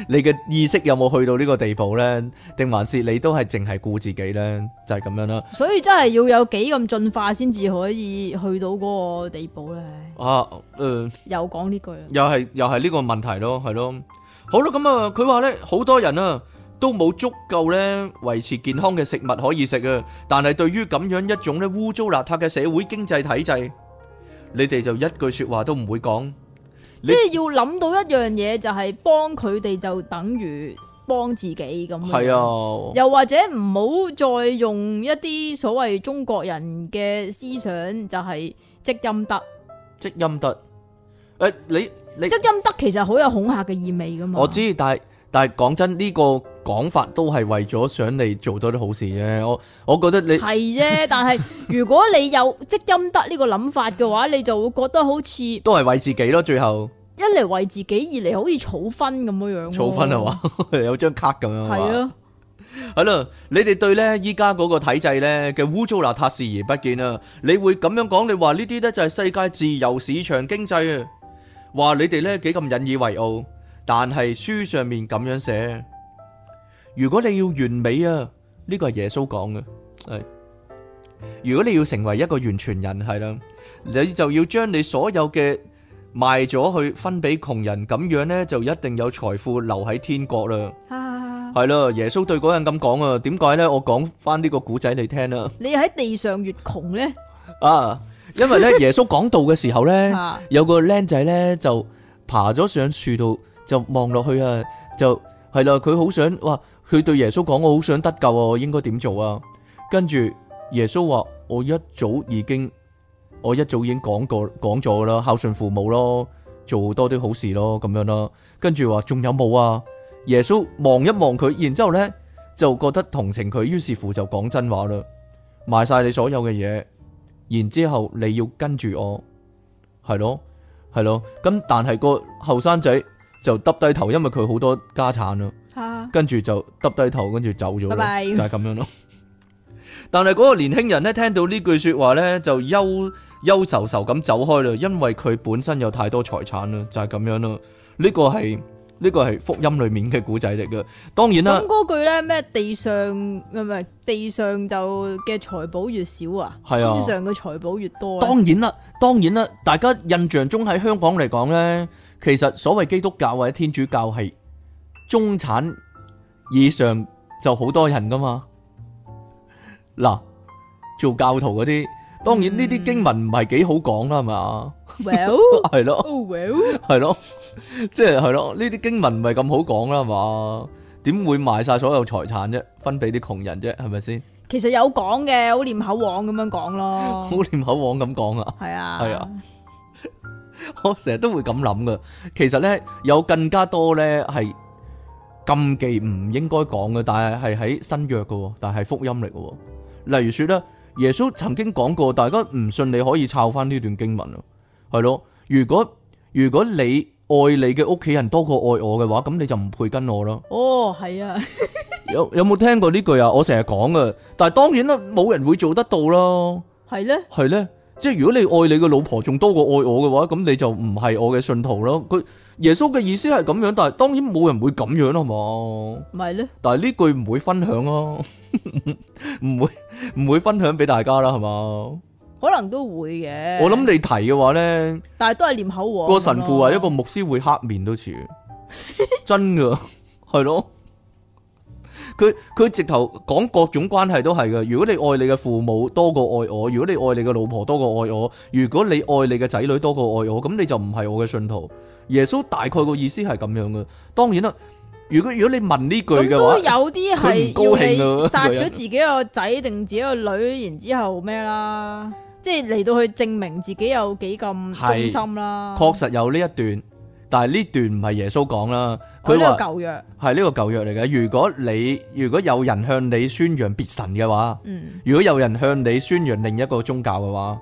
你嘅意識有冇去到呢個地步呢？定還是你都係淨係顧自己呢？就係咁樣啦。所以真係要有幾咁進化先至可以去到嗰個地步呢。啊，誒，又講呢句，又係又係呢個問題咯，係咯。好啦，咁啊，佢話呢，好多人啊都冇足夠呢，維持健康嘅食物可以食啊。但係對於咁樣一種呢污糟邋遢嘅社會經濟體制，你哋就一句說話都唔會講。即係要諗到一樣嘢，就係幫佢哋就等於幫自己咁樣。係啊，又或者唔好再用一啲所謂中國人嘅思想，就係積陰德。積陰德，誒，你你積陰德其實好有恐嚇嘅意味㗎嘛。我知，但係但係講真呢個。講法都係為咗想你做多啲好事啫。我我覺得你係啫，但係如果你有積陰德呢個諗法嘅話，你就會覺得好似都係為自己咯。最後一嚟為自己，二嚟好似儲分咁樣樣，儲分係話，有張卡咁樣係啊。係啦，你哋對咧依家嗰個體制咧嘅污糟邋遢視而不見啊。你會咁樣講，你話呢啲咧就係世界自由市場經濟啊？話你哋咧幾咁引以為傲，但係書上面咁樣寫。如果你要完美啊，呢個係耶穌講嘅。係如果你要成為一個完全人，係啦，你就要將你所有嘅賣咗去分俾窮人，咁樣咧就一定有財富留喺天國啦。係啦，耶穌對嗰人咁講啊，點解咧？我講翻呢個古仔你聽啦。你喺地上越窮咧，啊，因為咧耶穌講道嘅時候咧，有個僆仔咧就爬咗上樹度就望落去啊，就係啦，佢好想哇！佢對耶穌講：我好想得救啊！我應該點做啊？跟住耶穌話：我一早已經，我一早已經講過講咗啦，孝順父母咯，做多啲好事咯，咁樣咯。跟住話仲有冇啊？耶穌望一望佢，然之後呢就覺得同情佢，於是乎就講真話啦：賣晒你所有嘅嘢，然之後你要跟住我，係咯，係咯。咁但係個後生仔就耷低頭，因為佢好多家產咯。跟住就耷低頭，跟住走咗，拜拜，就係咁樣咯。但係嗰個年輕人咧，聽到呢句說話咧，就憂憂愁愁咁走開啦，因為佢本身有太多財產啦，就係咁樣咯。呢個係呢個係福音裏面嘅古仔嚟嘅。當然啦，嗰句咧咩地上唔係地上就嘅財寶越少啊，係啊，天上嘅財寶越多。當然啦，當然啦，大家印象中喺香港嚟講咧，其實所謂基督教或者天主教係中產。以上就好多人噶嘛，嗱，做教徒嗰啲，當然呢啲經文唔係幾好講啦，係咪啊？Well，係咯，係咯，即係咯，呢啲經文唔係咁好講啦，係嘛？點會賣晒所有財產啫？分俾啲窮人啫？係咪先？其實有講嘅，好念口簧咁樣講咯，好念口簧咁講啊？係啊，係啊，我成日都會咁諗噶。其實咧，有更加多咧係。禁忌唔應該講嘅，但係係喺新約嘅，但係福音嚟嘅。例如說咧，耶穌曾經講過，大家唔信你可以抄翻呢段經文咯，係咯？如果如果你愛你嘅屋企人多過愛我嘅話，咁你就唔配跟我咯。哦，係啊，有有冇聽過呢句啊？我成日講㗎，但係當然啦，冇人會做得到咯。係咧，係咧。即係如果你愛你嘅老婆仲多過愛我嘅話，咁你就唔係我嘅信徒咯。佢耶穌嘅意思係咁樣，但係當然冇人會咁樣啦，係嘛？唔係咧？但係呢句唔會分享咯，唔 會唔會分享俾大家啦，係嘛？可能都會嘅。我諗你提嘅話咧，但係都係念口簧。個神父啊，一個牧師會黑面都似， 真噶係咯。佢佢直頭講各種關係都係嘅。如果你愛你嘅父母多過愛我，如果你愛你嘅老婆多過愛我，如果你愛你嘅仔女多過愛我，咁你就唔係我嘅信徒。耶穌大概個意思係咁樣嘅。當然啦，如果如果你問呢句嘅話，有啲係要你殺咗自己個仔定自己個女，然之後咩啦？即係嚟到去證明自己有幾咁忠心啦。確實有呢一段。但係呢段唔係耶穌講啦，佢話舊約，係呢個舊約嚟嘅。如果你如果有人向你宣揚別神嘅話，如果有人向你宣揚、嗯、另一個宗教嘅話，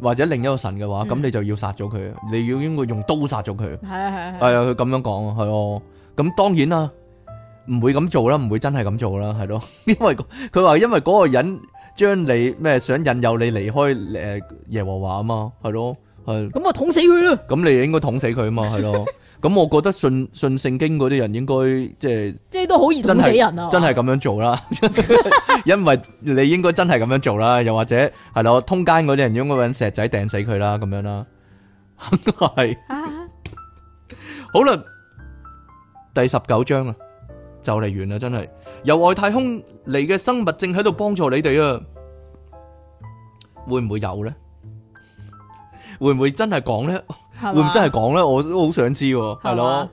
或者另一個神嘅話，咁、嗯、你就要殺咗佢，你要應該用刀殺咗佢。係啊係啊，係啊，佢咁樣講啊，係咯。咁當然啦，唔會咁做啦，唔會真係咁做啦，係咯。 因為佢話因為嗰個人將你咩想引誘你離開誒耶和華啊嘛，係咯。係咁啊，捅死佢咯！咁你應該捅死佢啊嘛，係咯？ 咁我覺得信信聖經嗰啲人應該、呃、即係即係都好易捅死人啊的吧！真係咁樣做啦，因為你應該真係咁樣做啦，又或者係咯，通奸嗰啲人應該搵石仔掟死佢啦，咁樣啦，係、嗯。 好啦，第十九章啊，就嚟完啦，真係由外太空嚟嘅生物正喺度幫助你哋啊，會唔會有咧？會唔會真係講呢？吧會唔會真係講呢？我都好想知，係咯。吧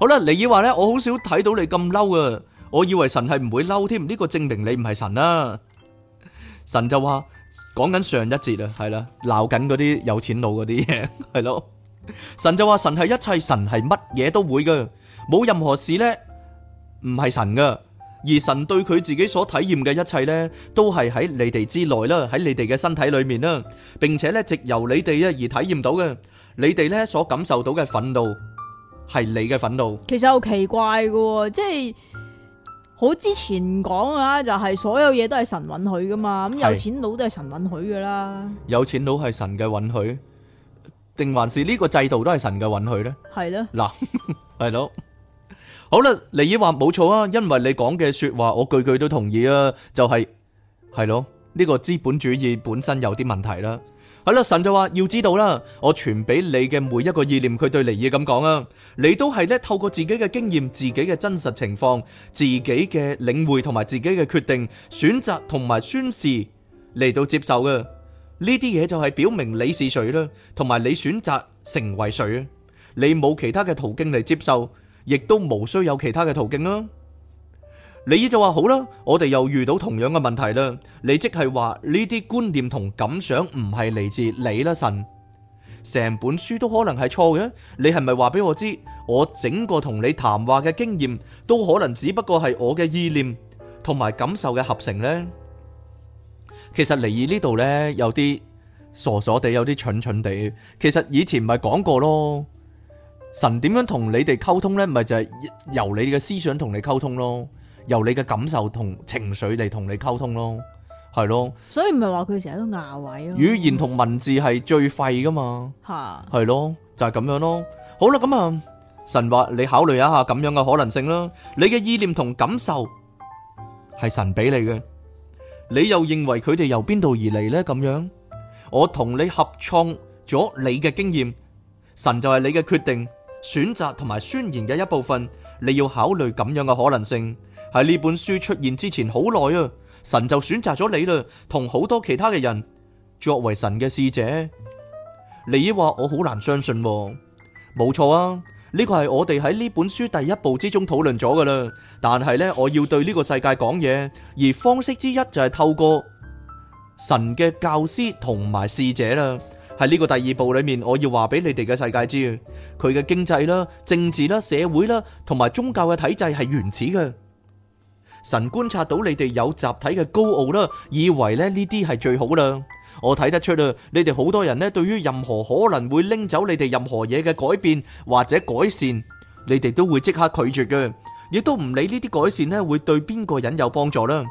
好啦，尼爾話呢，我好少睇到你咁嬲啊！我以為神係唔會嬲添，呢、這個證明你唔係神啦。神就話講緊上一節啊，係啦，鬧緊嗰啲有錢佬嗰啲嘢，係咯。神就話神係一切，神係乜嘢都會嘅，冇任何事呢，唔係神噶。而神對佢自己所體驗嘅一切咧，都係喺你哋之內啦，喺你哋嘅身體裏面啦，並且咧，直由你哋咧而體驗到嘅，你哋咧所感受到嘅憤怒，係你嘅憤怒。其實好奇怪嘅，即係好之前講啊，就係所有嘢都係神允許噶嘛，咁有錢佬都係神允許噶啦。有錢佬係神嘅允許，定還是呢個制度都係神嘅允許咧？係啦，嗱，係咯。好啦，尼爾話冇錯啊，因為你講嘅說話，我句句都同意啊，就係、係咯，呢個資本主義本身有啲問題啦。好啦，神就話要知道啦，我傳俾你嘅每一個意念，佢對尼爾咁講啊，你都係咧透過自己嘅經驗、自己嘅真實情況、自己嘅領會同埋自己嘅決定、選擇同埋宣示嚟到接受嘅，呢啲嘢就係表明你是誰啦，同埋你選擇成為誰啊，你冇其他嘅途徑嚟接受。亦都無需有其他嘅途徑啦。李爾就話好啦，我哋又遇到同樣嘅問題啦。你即係話呢啲觀念同感想唔係嚟自你啦，神成本書都可能係錯嘅。你係咪話俾我知，我整個同你談話嘅經驗都可能只不過係我嘅意念同埋感受嘅合成呢？其實李爾呢度呢，有啲傻傻地，有啲蠢蠢地。其實以前咪係講過咯。神點樣同你哋溝通呢？咪就係、是、由你嘅思想同你溝通咯，由你嘅感受同情緒嚟同你溝通咯，係咯。所以唔係話佢成日都牙位咯。語言同文字係最廢噶嘛？吓哈，係咯，就係、是、咁樣咯。好啦，咁、嗯、啊，神話你考慮一下咁樣嘅可能性啦。你嘅意念同感受係神俾你嘅，你又認為佢哋由邊度而嚟呢？咁樣，我同你合創咗你嘅經驗，神就係你嘅決定選擇同埋宣言嘅一部分，你要考慮咁樣嘅可能性。喺呢本書出現之前好耐啊，神就選擇咗你啦，同好多其他嘅人作為神嘅使者。你話我好難相信，冇錯啊，呢個係我哋喺呢本書第一步之中討論咗噶啦。但係呢，我要對呢個世界講嘢，而方式之一就係透過神嘅教師同埋使者啦。喺呢個第二部裏面，我要話俾你哋嘅世界知，佢嘅經濟啦、政治啦、社會啦，同埋宗教嘅體制係原始嘅。神觀察到你哋有集體嘅高傲啦，以為咧呢啲係最好啦。我睇得出啦，你哋好多人呢，對於任何可能會拎走你哋任何嘢嘅改變或者改善，你哋都會即刻拒絕嘅，亦都唔理呢啲改善呢會對邊個人有幫助啦。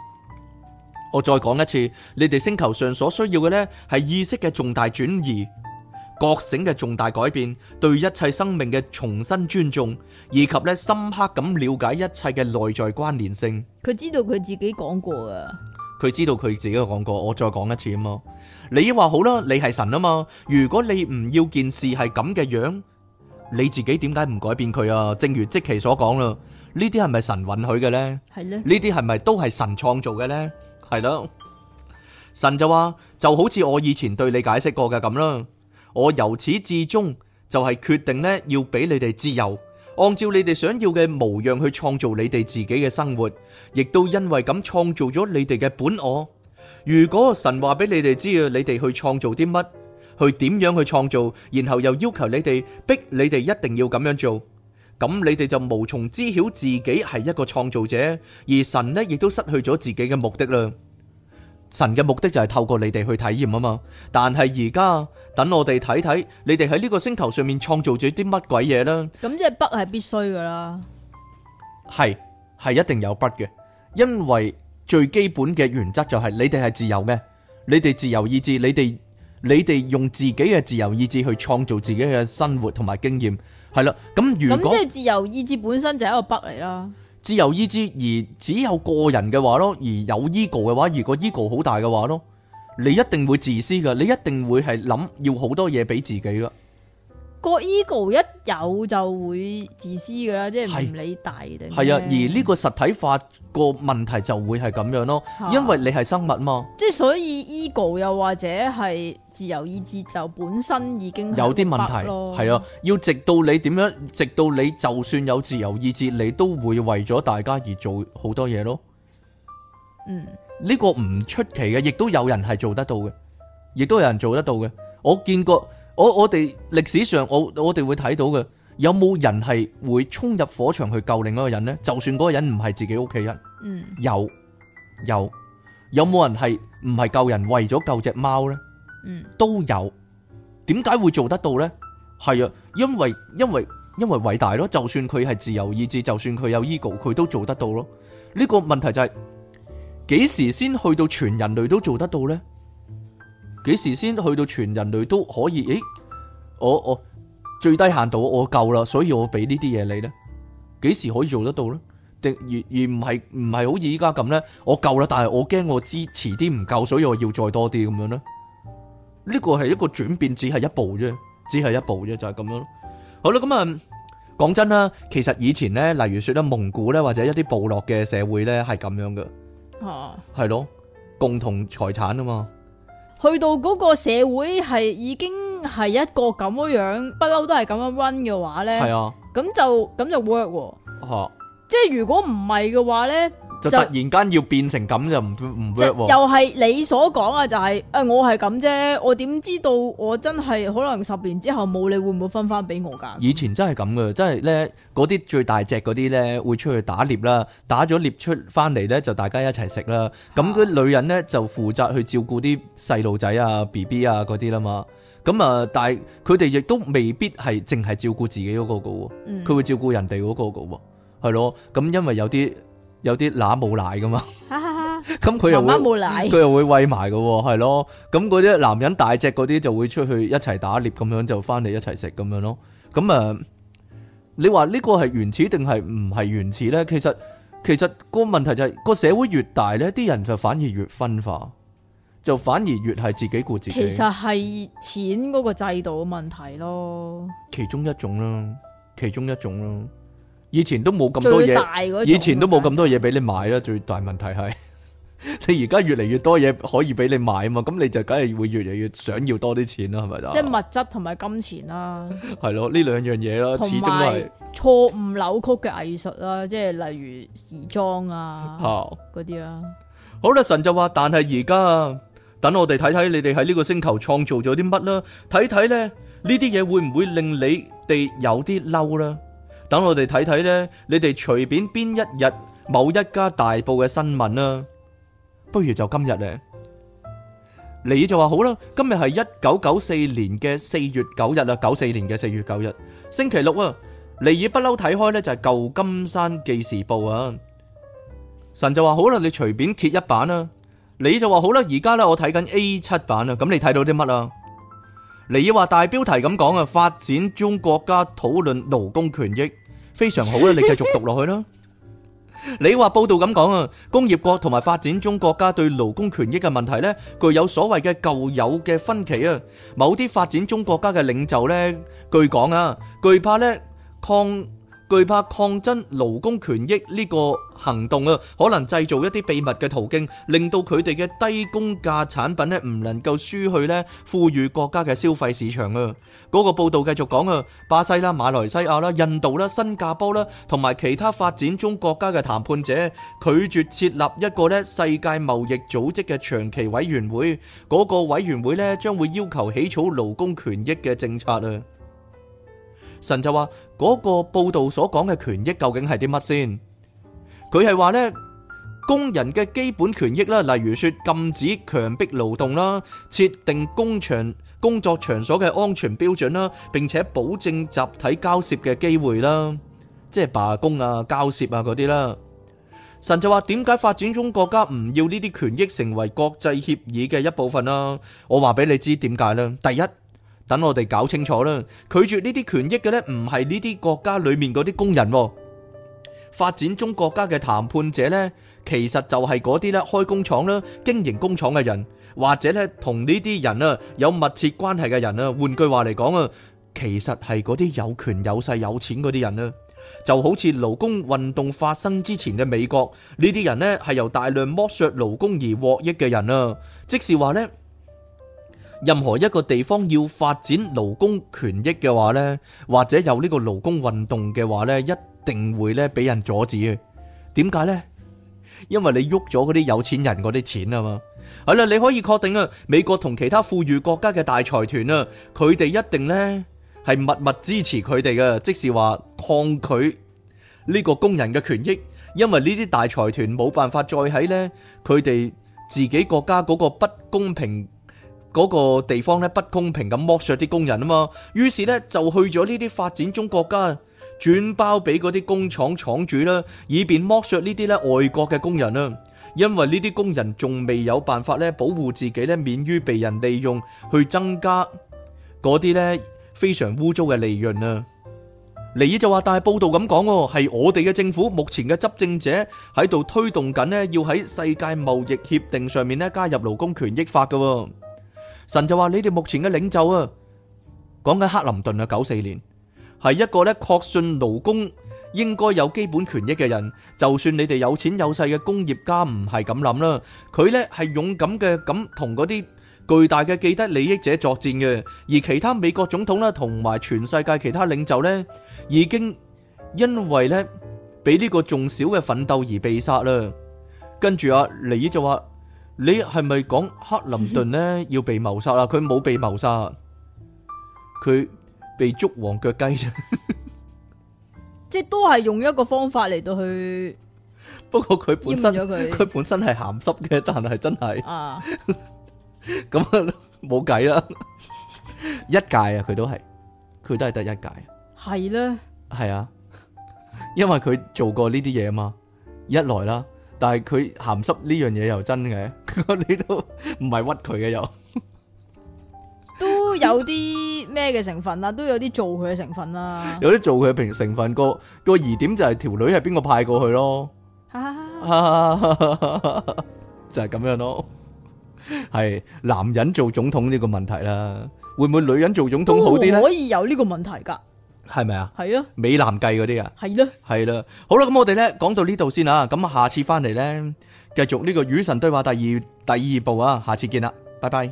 我再講一次，你哋星球上所需要嘅呢，係意識嘅重大轉移、覺醒嘅重大改變、對一切生命嘅重新尊重，以及呢深刻咁了解一切嘅內在關聯性。佢知道佢自己講過啊，佢知道佢自己講過。我再講一次啊嘛，你話好啦，你係神啊嘛，如果你唔要件事係咁嘅樣，你自己點解唔改變佢啊？正如積奇所講啦，呢啲係咪神允許嘅呢？係，呢啲係咪都係神創造嘅呢？係啦，神就話，就好似我以前對你解釋過嘅咁啦，我由始至終就係決定咧，要俾你哋自由，按照你哋想要嘅模樣去創造你哋自己嘅生活，亦都因為咁創造咗你哋嘅本我。如果神話俾你哋知你哋去創造啲乜，去點樣去創造，然後又要求你哋逼你哋一定要咁樣做。咁你哋就無從知曉自己係一個創造者，而神呢亦都失去咗自己嘅目的啦。神嘅目的就係透過你哋去體驗啊嘛。但係而家等我哋睇睇，你哋喺呢個星球上面創造咗啲乜鬼嘢啦？咁即係筆係必須噶啦係係一定有筆嘅，因為最基本嘅原則就係你哋係自由嘅，你哋自由意志，你哋你哋用自己嘅自由意志去創造自己嘅生活同埋經驗。係啦，咁如果即係自由意志本身就係一個北嚟啦。自由意志，由意志而只有個人嘅話咯，而有 ego 嘅話，如果 ego 好大嘅話咯，你一定會自私噶，你一定會係諗要好多嘢俾自己噶。個 ego 一有就會自私㗎喇，即係唔理大定。係啊是，而呢個實體化個問題就會係咁樣咯，因為你係生物嘛。即係所以 ego 又或者係自由意志就本身已經有啲問題咯，係啊，要直到你點樣，直到你就算有自由意志，你都會為咗大家而做好多嘢咯。嗯，呢個唔出奇嘅，亦都有人係做得到嘅，亦都有人做得到嘅，我見過。我我哋歷史上，我我哋會睇到嘅有冇人係會衝入火場去救另外一個人呢？就算嗰個人唔係自己屋企人，嗯，有有有冇人係唔係救人為咗救隻貓呢？嗯、都有。點解會做得到呢？係啊，因為因為因為偉大咯。就算佢係自由意志，就算佢有 ego，佢都做得到咯。呢、這個問題就係、是、幾時先去到全人類都做得到呢？幾時先去到全人類都可以？咦，我我最低限度我夠啦，所以我俾呢啲嘢你呢？幾時可以做得到呢？定而而唔係唔係好似依家咁呢，我夠啦，但係我驚我遲啲唔夠，所以我要再多啲咁樣呢？呢個係一個轉變，只係一步啫，只係一步啫，就係、是、咁樣咯。好啦，咁啊，講真啦，其實以前呢，例如說咧蒙古呢，或者一啲部落嘅社會呢，係咁樣噶，係、啊、咯，共同財產啊嘛。去到嗰個社會係已經係一個咁樣，不嬲都係咁樣 run 嘅話咧，咁係、啊、就咁就 work 喎。啊、即係如果唔係嘅話咧。就突然間要變成咁就唔唔 work 喎？又係你所講啊、就是，就係誒，我係咁啫。我點知道我真係可能十年之後冇，你會唔會分翻俾我噶？以前真係咁嘅，真係咧嗰啲最大隻嗰啲咧會出去打獵啦，打咗獵出翻嚟咧就大家一齊食啦。咁啲女人咧就負責去照顧啲細路仔啊、B B 啊嗰啲啦嘛。咁啊，但係佢哋亦都未必係淨係照顧自己嗰個佢、嗯、會照顧人哋嗰個係咯。咁因為有啲。有啲乸冇奶噶嘛，咁佢哈又會佢又會餵埋噶，係咯，咁嗰啲男人大隻嗰啲就會出去一齊打獵，咁樣就翻嚟一齊食咁樣咯，咁、嗯、啊，你話呢個係原始定係唔係原始咧？其實其實個問題就係、是、個社會越大咧，啲人就反而越分化，就反而越係自己顧自己。其實係錢嗰個制度嘅問題咯，其中一種啦，其中一種啦。以前都冇咁多嘢，以前都冇咁多嘢俾你買啦。最大問題係 你而家越嚟越多嘢可以俾你買啊嘛，咁你就梗係會越嚟越想要多啲錢啦，係咪啊？即係物質同埋金錢啦。係咯，呢兩樣嘢啦，始終係錯誤扭曲嘅藝術啦，即係例如時裝啊，嗰啲啦。啊、好啦，神就話：但係而家等我哋睇睇你哋喺呢個星球創造咗啲乜啦，睇睇咧呢啲嘢會唔會令你哋有啲嬲啦？等我哋睇睇呢，你哋隨便邊一日某一家大報嘅新聞呢，不如就今日呢，尼爾就話好啦。今日係1994年嘅4月9日啊 ,94 年嘅4月9日,星期六啊。尼爾不嬲睇開呢就係舊金山記事報啊。神就話好啦，你隨便揭一版啦。尼爾就話好啦，而家呢我睇緊 A7 版啊。咁你睇到啲乜啊？你話大標題咁講啊，發展中國家討論勞工權益非常好啦，你繼續讀落去啦。 你話報道咁講啊，工業國同埋發展中國家對勞工權益嘅問題呢具有所謂嘅舊有嘅分歧啊。某啲發展中國家嘅領袖呢，據講啊，懼怕呢抗。懼怕抗爭勞工權益呢個行動啊，可能製造一啲秘密嘅途徑，令到佢哋嘅低工價產品咧唔能夠輸去咧富裕國家嘅消費市場啊！嗰個報道繼續講啊，巴西啦、馬來西亞啦、印度啦、新加坡啦，同埋其他發展中國家嘅談判者拒絕設立一個咧世界貿易組織嘅長期委員會，嗰個委員會呢，將會要求起草勞工權益嘅政策啊！神就話嗰、那個報道所講嘅權益究竟係啲乜先？佢係話呢，工人嘅基本權益啦，例如說禁止強迫勞動啦，設定工場工作場所嘅安全標準啦，並且保證集體交涉嘅機會啦，即係罷工啊、交涉啊嗰啲啦。神就話點解發展中國家唔要呢啲權益成為國際協議嘅一部分啦？我話俾你知點解啦，第一。等我哋搞清楚啦！拒絕呢啲權益嘅呢，唔係呢啲國家裏面嗰啲工人喎。發展中國家嘅談判者呢，其實就係嗰啲咧開工廠啦、經營工廠嘅人，或者咧同呢啲人啊有密切關係嘅人啊。換句話嚟講啊，其實係嗰啲有權有勢有錢嗰啲人啊。就好似勞工運動發生之前嘅美國，呢啲人呢係由大量剝削勞工而獲益嘅人啊。即是話呢。任何一個地方要發展勞工權益嘅話呢，或者有呢個勞工運動嘅話呢，一定會呢俾人阻止嘅。點解呢？因為你喐咗嗰啲有錢人嗰啲錢啊嘛。係啦，你可以確定啊，美國同其他富裕國家嘅大財團啊，佢哋一定呢係默默支持佢哋嘅，即是話抗拒呢個工人嘅權益，因為呢啲大財團冇辦法再喺呢佢哋自己國家嗰個不公平嗰個地方咧，不公平咁剝削啲工人啊嘛，於是咧就去咗呢啲發展中國家轉包俾嗰啲工廠廠主啦，以便剝削呢啲咧外國嘅工人啊。因為呢啲工人仲未有辦法咧保護自己咧，免於被人利用去增加嗰啲咧非常污糟嘅利潤啊。尼爾就話：但係報道咁講喎，係我哋嘅政府目前嘅執政者喺度推動緊呢，要喺世界貿易協定上面咧加入勞工權益法㗎。神就話：你哋目前嘅領袖啊，講緊克林頓啊，九四年係一個咧確信勞工應該有基本權益嘅人。就算你哋有錢有勢嘅工業家唔係咁諗啦，佢咧係勇敢嘅咁同嗰啲巨大嘅既得利益者作戰嘅。而其他美國總統啦，同埋全世界其他領袖咧，已經因為咧比呢個仲少嘅奮鬥而被殺啦。跟住啊，尼爾就話。你係咪講克林頓咧要被謀殺啦？佢冇 被謀殺，佢被捉黃腳雞啫。即係都係用一個方法嚟到去。 不過佢本身佢本身係鹹濕嘅，但係真係啊，咁冇計啦。 一屆啊，佢都係，佢都係得一屆。係咧呢，係啊，因為佢做過呢啲嘢嘛，一來啦。但係佢鹹濕呢樣嘢，又真嘅，你都唔係屈佢嘅，又，都有啲咩嘅成分啦，都有啲做佢嘅成分啦，有啲做佢嘅成成分，個個疑點就係條女係邊個派過去咯，就係咁樣咯，係男人做總統呢個問題啦，會唔會女人做總統好啲咧？可以有呢個問題噶。係咪啊？係啊，美男計嗰啲啊，係咯的，係啦。好啦，咁我哋咧講到呢度先啊。咁下次翻嚟咧，繼續呢個與神對話第二第二部啊。下次見啦，拜拜。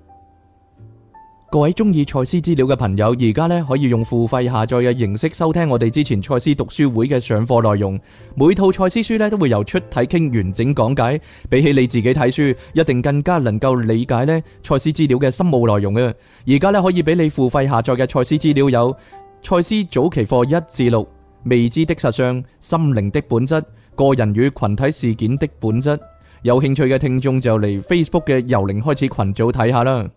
各位中意賽斯資料嘅朋友，而家咧可以用付費下載嘅形式收聽我哋之前賽斯讀書會嘅上課內容。每套賽斯書咧都會由出體傾完整講解，比起你自己睇書，一定更加能夠理解咧賽斯資料嘅深奧內容啊！而家咧可以俾你付費下載嘅賽斯資料有：賽斯早期課一至六，《未知的實相》、《心靈的本質》、《個人與群體事件的本質》。有興趣嘅聽眾就嚟 Facebook 嘅由零開始群組睇下啦。